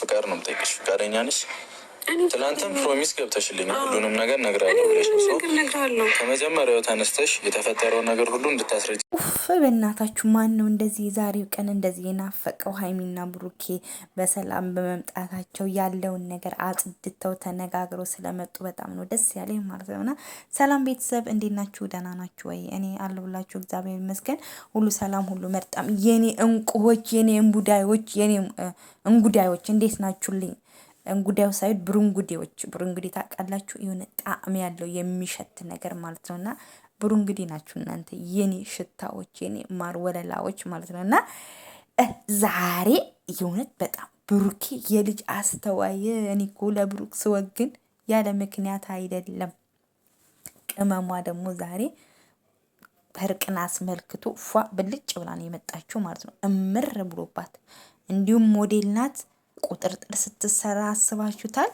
ፍቃድ ነው የምጠይቅሽ። ፍቃደኛ ነሽ? ትናንትም ፕሮሚስ ገብተሽልኛል ሁሉንም ነገር ነግራለሁ ከመጀመሪያው ተነስተሽ የተፈጠረው ነገር ሁሉ እንድታስረጅ። ኡፍ በእናታችሁ ማን ነው እንደዚህ የዛሬው ቀን እንደዚህ የናፈቀው? ሀይሚና ብሩኬ በሰላም በመምጣታቸው ያለውን ነገር አጽድተው ተነጋግረው ስለመጡ በጣም ነው ደስ ያለኝ ማለት ነውና፣ ሰላም ቤተሰብ እንዴት ናችሁ? ደህና ናችሁ ወይ? እኔ አለሁላችሁ። እግዚአብሔር ይመስገን ሁሉ ሰላም፣ ሁሉ መርጣም። የኔ እንቁዎች፣ የኔ እንቡዳዮች፣ የኔ እንጉዳዮች እንዴት ናችሁልኝ? እንጉዳዩ ሳይሆን ብሩንጉዴዎች፣ ብሩንጉዴ ታውቃላችሁ? የሆነ ጣዕም ያለው የሚሸት ነገር ማለት ነው እና ብሩንጉዴ ናችሁ እናንተ የኔ ሽታዎች፣ የኔ ማር ወለላዎች ማለት ነው እና ዛሬ የእውነት በጣም ብሩኬ የልጅ አስተዋይ። እኔ እኮ ለብሩክ ስወግን ያለ ምክንያት አይደለም። ቅመሟ ደግሞ ዛሬ እርቅን አስመልክቶ ፏ ብልጭ ብላ ነው የመጣችው ማለት ነው። እምር ብሎባት እንዲሁም ሞዴል ናት። ቁጥርጥር ስትሰራ አስባችሁታል።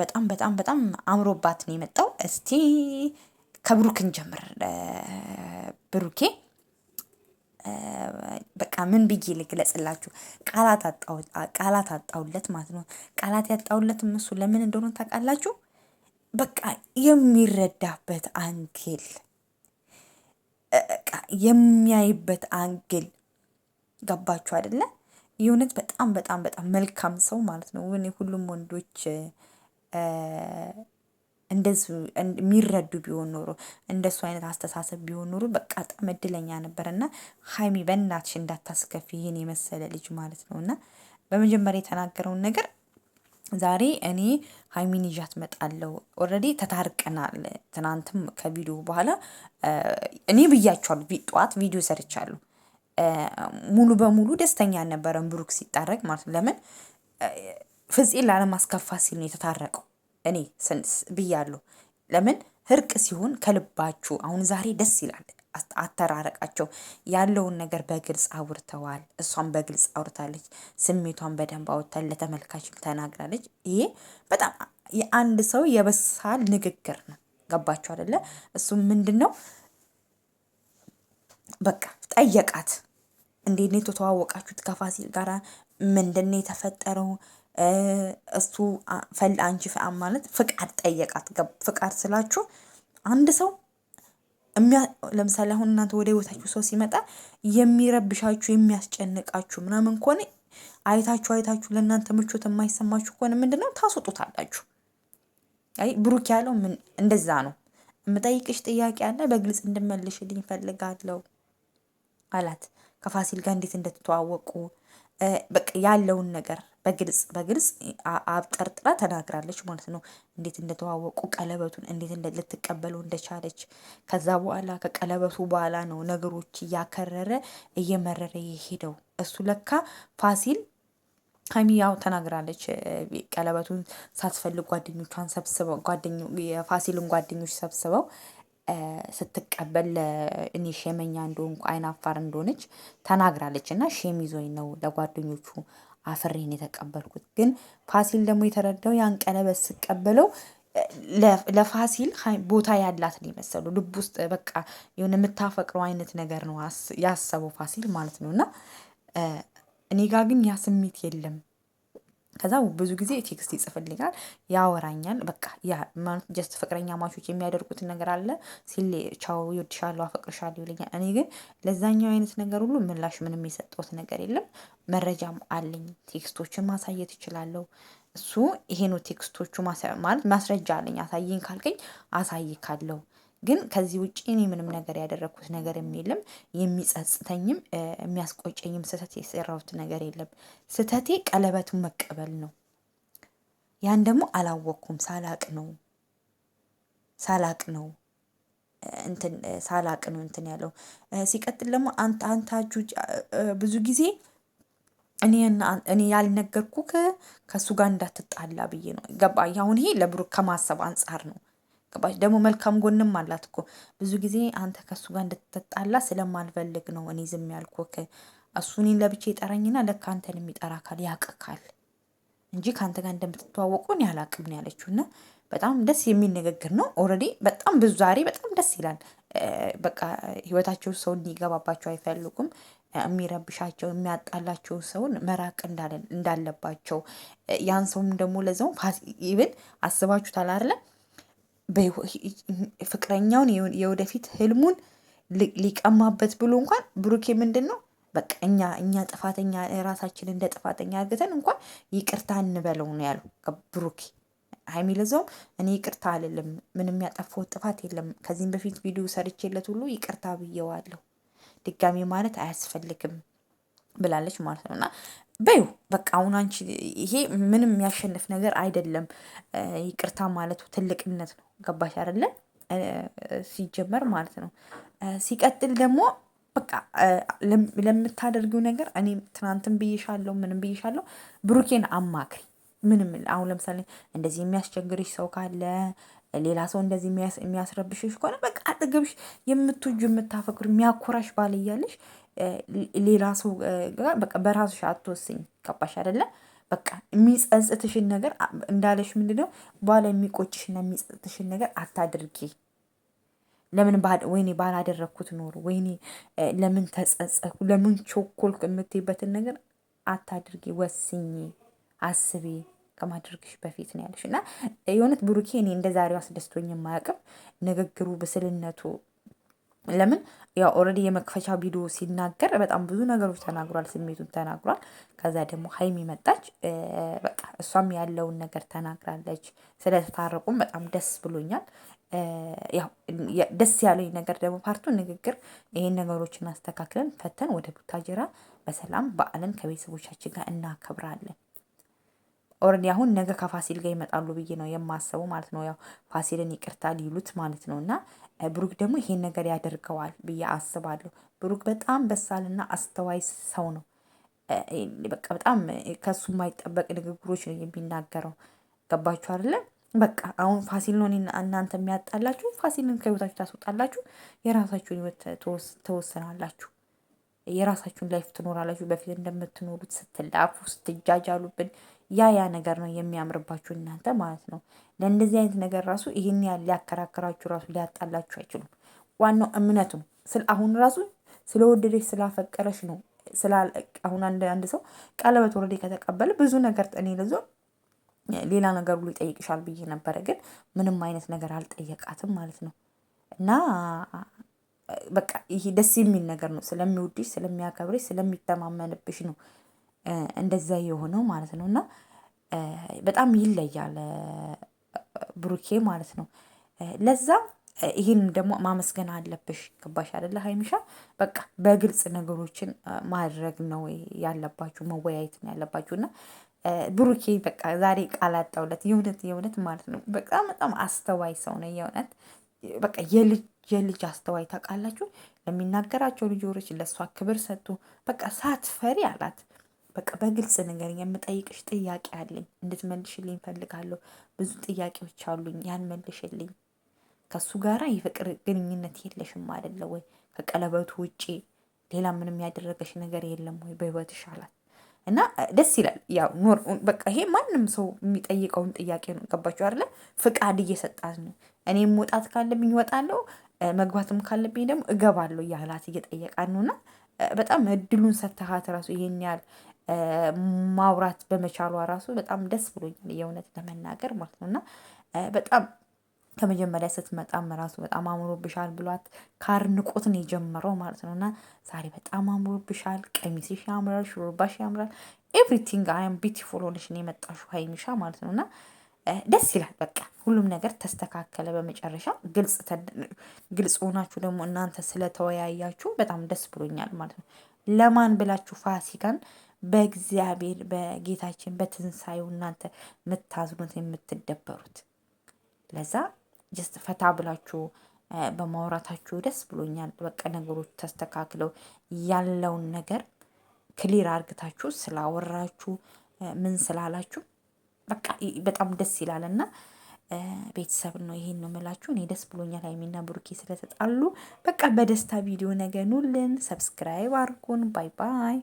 በጣም በጣም በጣም አምሮባት ነው የመጣው። እስቲ ከብሩክን ጀምር ብሩኬ በቃ ምን ብዬ ልግለጽላችሁ? ቃላት አጣውለት ማለት ነው። ቃላት ያጣውለት እሱ ለምን እንደሆነ ታውቃላችሁ? በቃ የሚረዳበት አንግል፣ የሚያይበት አንግል ገባችሁ አይደለም? የእውነት በጣም በጣም በጣም መልካም ሰው ማለት ነው። እኔ ሁሉም ወንዶች እንደሱ የሚረዱ ቢሆን ኖሮ እንደሱ አይነት አስተሳሰብ ቢሆን ኖሮ በቃ በጣም እድለኛ ነበር። እና ሀይሚ በእናትሽ እንዳታስከፊ ይህን የመሰለ ልጅ ማለት ነው። እና በመጀመሪያ የተናገረውን ነገር ዛሬ እኔ ሀይሚን ይዣት መጣለው። ኦልሬዲ ተታርቀናል። ትናንትም ከቪዲዮ በኋላ እኔ ብያቸዋለሁ፣ ጠዋት ቪዲዮ ሰርቻለሁ ሙሉ በሙሉ ደስተኛ አልነበረም ብሩክ ሲታረቅ ማለት ለምን ፍፄን ላለማስከፋ ሲል ነው የተታረቀው። እኔ ብያለሁ። ለምን እርቅ ሲሆን ከልባችሁ አሁን ዛሬ ደስ ይላል። አተራረቃቸው ያለውን ነገር በግልጽ አውርተዋል። እሷም በግልጽ አውርታለች። ስሜቷን በደንብ አውርታል፣ ለተመልካች ተናግራለች። ይሄ በጣም የአንድ ሰው የበሳል ንግግር ነው። ገባችሁ አደለ? እሱም ምንድን ነው በቃ ጠየቃት። እንዴት ነው የተዋወቃችሁት? ከፋሲል ጋራ ምንድን ነው የተፈጠረው? እሱ ፈል አንቺ ማለት ፍቃድ ጠየቃት። ፍቃድ ስላችሁ አንድ ሰው ለምሳሌ አሁን እናንተ ወደ ህይወታችሁ ሰው ሲመጣ የሚረብሻችሁ የሚያስጨንቃችሁ ምናምን ከሆነ አይታችሁ አይታችሁ ለእናንተ ምቾት የማይሰማችሁ ከሆነ ምንድነው ታስጡታላችሁ። አይ ብሩክ ያለው ምን እንደዛ ነው። የምጠይቅሽ ጥያቄ አለ፣ በግልጽ እንድመልሽልኝ ፈልጋለሁ አላት። ከፋሲል ጋር እንዴት እንደተተዋወቁ በቃ ያለውን ነገር በግልጽ በግልጽ አብጠርጥራ ተናግራለች ማለት ነው። እንዴት እንደተዋወቁ ቀለበቱን እንዴት ልትቀበለው እንደቻለች። ከዛ በኋላ ከቀለበቱ በኋላ ነው ነገሮች እያከረረ እየመረረ የሄደው። እሱ ለካ ፋሲል ሀይሚ ያው ተናግራለች። ቀለበቱን ሳትፈልግ ጓደኞቿን ሰብስበው ጓደኞ የፋሲልን ጓደኞች ሰብስበው ስትቀበል እኔ ሼመኛ እንደሆንኩ አይን አፋር እንደሆነች ተናግራለች እና ሼም ይዞኝ ነው ለጓደኞቹ አፍሬን የተቀበልኩት። ግን ፋሲል ደግሞ የተረዳው ያን ቀለበት ስቀበለው ለፋሲል ቦታ ያላት ነው የመሰለው ልብ ውስጥ በቃ የሆነ የምታፈቅረው አይነት ነገር ነው ያሰበው ፋሲል ማለት ነው እና እኔ ጋር ግን ያ ስሜት የለም። ከዛ ብዙ ጊዜ ቴክስት ይጽፍልኛል፣ ያወራኛል። በቃ ያ ጀስት ፍቅረኛ ማቾች የሚያደርጉትን ነገር አለ ሲሌ ቻው፣ ይወድሻለሁ፣ አፈቅርሻለሁ ይለኛል። እኔ ግን ለዛኛው አይነት ነገር ሁሉ ምላሽ ምንም የሰጠሁት ነገር የለም። መረጃም አለኝ፣ ቴክስቶችን ማሳየት እችላለሁ። እሱ ይሄ ነው ቴክስቶቹ ማለት ማስረጃ አለኝ። አሳየኝ ካልከኝ አሳይካለሁ። ግን ከዚህ ውጭ እኔ ምንም ነገር ያደረግኩት ነገር የለም። የሚጸጽተኝም የሚያስቆጨኝም ስህተት የሰራሁት ነገር የለም። ስህተቴ ቀለበቱን መቀበል ነው። ያን ደግሞ አላወቅኩም። ሳላቅ ነው ሳላቅ ነው ሳላቅ ነው እንትን ያለው። ሲቀጥል ደግሞ አንታችሁ ብዙ ጊዜ እኔ ያልነገርኩ ከእሱ ጋር እንዳትጣላ ብዬ ነው። ገባ? አሁን ይሄ ለብሩክ ከማሰብ አንጻር ነው። ገባሽ? ደግሞ መልካም ጎንም አላት እኮ ብዙ ጊዜ አንተ ከእሱ ጋር እንድትጣላ ስለማልፈልግ ነው እኔ ዝም ያልኩህ። እሱ እኔን ለብቻ ይጠራኝና ለካ አንተን የሚጠራ አካል ያቅካል እንጂ ከአንተ ጋር እንደምትተዋወቁ እኔ አላቅም ነው ያለችው። እና በጣም ደስ የሚል ንግግር ነው። ኦልሬዲ በጣም ብዙ ዛሬ በጣም ደስ ይላል። በቃ ህይወታቸው ሰው እንዲገባባቸው አይፈልጉም። የሚረብሻቸው የሚያጣላቸው ሰውን መራቅ እንዳለባቸው ያን ሰውም ደግሞ ለዛው ይብን አስባችሁ ታላርለ ፍቅረኛውን የወደፊት ህልሙን ሊቀማበት ብሎ እንኳን ብሩኬ ምንድን ነው በቃ እኛ እኛ ጥፋተኛ ራሳችን እንደ ጥፋተኛ አድርገን እንኳን ይቅርታ እንበለው ነው ያለው ብሩኬ። ሀይሚ ለዛውም እኔ ይቅርታ አልልም፣ ምንም ያጠፋሁት ጥፋት የለም። ከዚህም በፊት ቪዲዮ ሰርቼለት ሁሉ ይቅርታ ብየዋለሁ፣ ድጋሜ ማለት አያስፈልግም ብላለች ማለት ነው እና በይው በቃ አሁን አንቺ ይሄ ምንም የሚያሸንፍ ነገር አይደለም። ይቅርታ ማለቱ ትልቅነት ነው። ገባሽ አይደለ? ሲጀመር ማለት ነው። ሲቀጥል ደግሞ በቃ ለምታደርጊው ነገር እኔ ትናንትን ብይሻለሁ፣ ምንም ብይሻለሁ፣ ብሩኬን አማክሪ። ምንም አሁን ለምሳሌ እንደዚህ የሚያስቸግርሽ ሰው ካለ ሌላ ሰው እንደዚህ የሚያስረብሽሽ ከሆነ በቃ አጠገብሽ የምትወጂው የምታፈቅሩ የሚያኮራሽ ባል እያለሽ ሌላ ሰው ጋር በቃ በራስሽ አትወስኝ። ገባሽ አይደለ? በቃ የሚጸጽትሽን ነገር እንዳለሽ ምንድነው በኋላ የሚቆጭሽና የሚጸጽትሽን ነገር አታድርጊ። ለምን ወይኔ ባላደረግኩት ኖሮ ወይኔ ለምን ተጸጸኩ፣ ለምን ቾኮልኩ የምትይበትን ነገር አታድርጊ። ወስኝ፣ አስቤ ከማድረግሽ በፊት ነው ያለሽ እና የእውነት ብሩኬ እኔ እንደ ዛሬው አስደስቶኝ የማያውቅም። ንግግሩ፣ ብስልነቱ ለምን ያው ኦልሬዲ የመክፈቻ ቪዲዮ ሲናገር በጣም ብዙ ነገሮች ተናግሯል፣ ስሜቱን ተናግሯል። ከዛ ደግሞ ሀይሚ መጣች፣ በቃ እሷም ያለውን ነገር ተናግራለች። ስለተታረቁም በጣም ደስ ብሎኛል። ደስ ያለኝ ነገር ደግሞ ፓርቱ ንግግር፣ ይሄን ነገሮችን አስተካክለን ፈተን ወደ ቡታጀራ በሰላም በዓልን ከቤተሰቦቻችን ጋር እናከብራለን። ኦልሬዲ አሁን ነገ ከፋሲል ጋር ይመጣሉ ብዬ ነው የማስበው ማለት ነው። ያው ፋሲልን ይቅርታ ሊሉት ማለት ነው። እና ብሩክ ደግሞ ይሄን ነገር ያደርገዋል ብዬ አስባለሁ። ብሩክ በጣም በሳልና አስተዋይ ሰው ነው። በቃ በጣም ከሱ የማይጠበቅ ንግግሮች ነው የሚናገረው። ገባችሁ አይደለ? በቃ አሁን ፋሲል ነው እናንተ የሚያጣላችሁ። ፋሲልን ከህይወታችሁ ታስወጣላችሁ፣ የራሳችሁን ህይወት ተወስናላችሁ፣ የራሳችሁን ላይፍ ትኖራላችሁ። በፊት እንደምትኖሩት ስትላፉ ስትጃጃሉብን ያ ያ ነገር ነው የሚያምርባችሁ እናንተ ማለት ነው። ለእንደዚህ አይነት ነገር ራሱ ይህን ያህል ሊያከራክራችሁ ራሱ ሊያጣላችሁ አይችሉም። ዋናው እምነቱ ስለ አሁን ራሱ ስለወደደች ስላፈቀረች ነው። አሁን አንድ ሰው ቀለበት ወረዴ ከተቀበለ ብዙ ነገር ጠኔ ለዞ ሌላ ነገር ሁሉ ይጠይቅሻል ብዬ ነበረ፣ ግን ምንም አይነት ነገር አልጠየቃትም ማለት ነው። እና በቃ ይሄ ደስ የሚል ነገር ነው። ስለሚወድሽ፣ ስለሚያከብርሽ፣ ስለሚተማመንብሽ ነው እንደዛ የሆነው ማለት ነው። እና በጣም ይለያል ብሩኬ ማለት ነው። ለዛ ይህን ደግሞ ማመስገን አለብሽ። ገባሽ አደለ ሀይሚሻ? በቃ በግልጽ ነገሮችን ማድረግ ነው ያለባችሁ፣ መወያየት ነው ያለባችሁ። እና ብሩኬ በቃ ዛሬ ቃል አጣሁለት የእውነት የእውነት ማለት ነው። በጣም በጣም አስተዋይ ሰው ነው የእውነት በቃ የልጅ የልጅ አስተዋይ ታውቃላችሁ። ለሚናገራቸው ልጆች ለእሷ ክብር ሰጡ። በቃ ሳትፈሪ አላት በቃ በግልጽ ነገር የምጠይቅሽ ጥያቄ አለኝ እንድትመልሽልኝ እፈልጋለሁ። ብዙ ጥያቄዎች አሉኝ፣ ያን መልሽልኝ። ከሱ ጋር የፍቅር ግንኙነት የለሽም አይደለ ወይ? ከቀለበቱ ውጪ ሌላ ምንም ያደረገሽ ነገር የለም ወይ በህይወትሽ አላት። እና ደስ ይላል። ያው ኖር በቃ ይሄ ማንም ሰው የሚጠይቀውን ጥያቄ ነው። ገባችሁ አይደለ? ፍቃድ እየሰጣት ነው። እኔ መውጣት ካለብኝ እወጣለሁ፣ መግባትም ካለብኝ ደግሞ እገባለሁ እያላት እየጠየቃት ነው። እና በጣም እድሉን ሰተሃት ራሱ ይሄን ያህል ማውራት በመቻሏ ራሱ በጣም ደስ ብሎኛል የእውነት ለመናገር ማለት ነው። እና በጣም ከመጀመሪያ ስትመጣም ራሱ በጣም አምሮብሻል ብሏት ከአድናቆት ነው የጀመረው ማለት ነው። እና ዛሬ በጣም አምሮብሻል ቀሚስሽ ያምራል ሹሩባሽ ያምራል ኤቭሪቲንግ አይም ቢቲፉል ቢዩቲፉል ሆነሽ ነው የመጣሽው ሀይሚሻ ማለት ነው። እና ደስ ይላል በቃ ሁሉም ነገር ተስተካከለ። በመጨረሻ ግልጽ ሆናችሁ ደግሞ እናንተ ስለተወያያችሁ በጣም ደስ ብሎኛል ማለት ነው። ለማን ብላችሁ ፋሲካን በእግዚአብሔር በጌታችን በትንሣኤው እናንተ የምታዝኑት የምትደበሩት። ለዛ ጀስት ፈታ ብላችሁ በማውራታችሁ ደስ ብሎኛል። በቃ ነገሮች ተስተካክለው ያለውን ነገር ክሊር አርግታችሁ ስላወራችሁ ምን ስላላችሁ በቃ በጣም ደስ ይላል እና ቤተሰብ ነው ይሄን ነው የምላችሁ። እኔ ደስ ብሎኛል ሀይሚና ብሩኬ ስለተጣሉ። በቃ በደስታ ቪዲዮ ነገኑልን። ሰብስክራይብ አርጉን። ባይ ባይ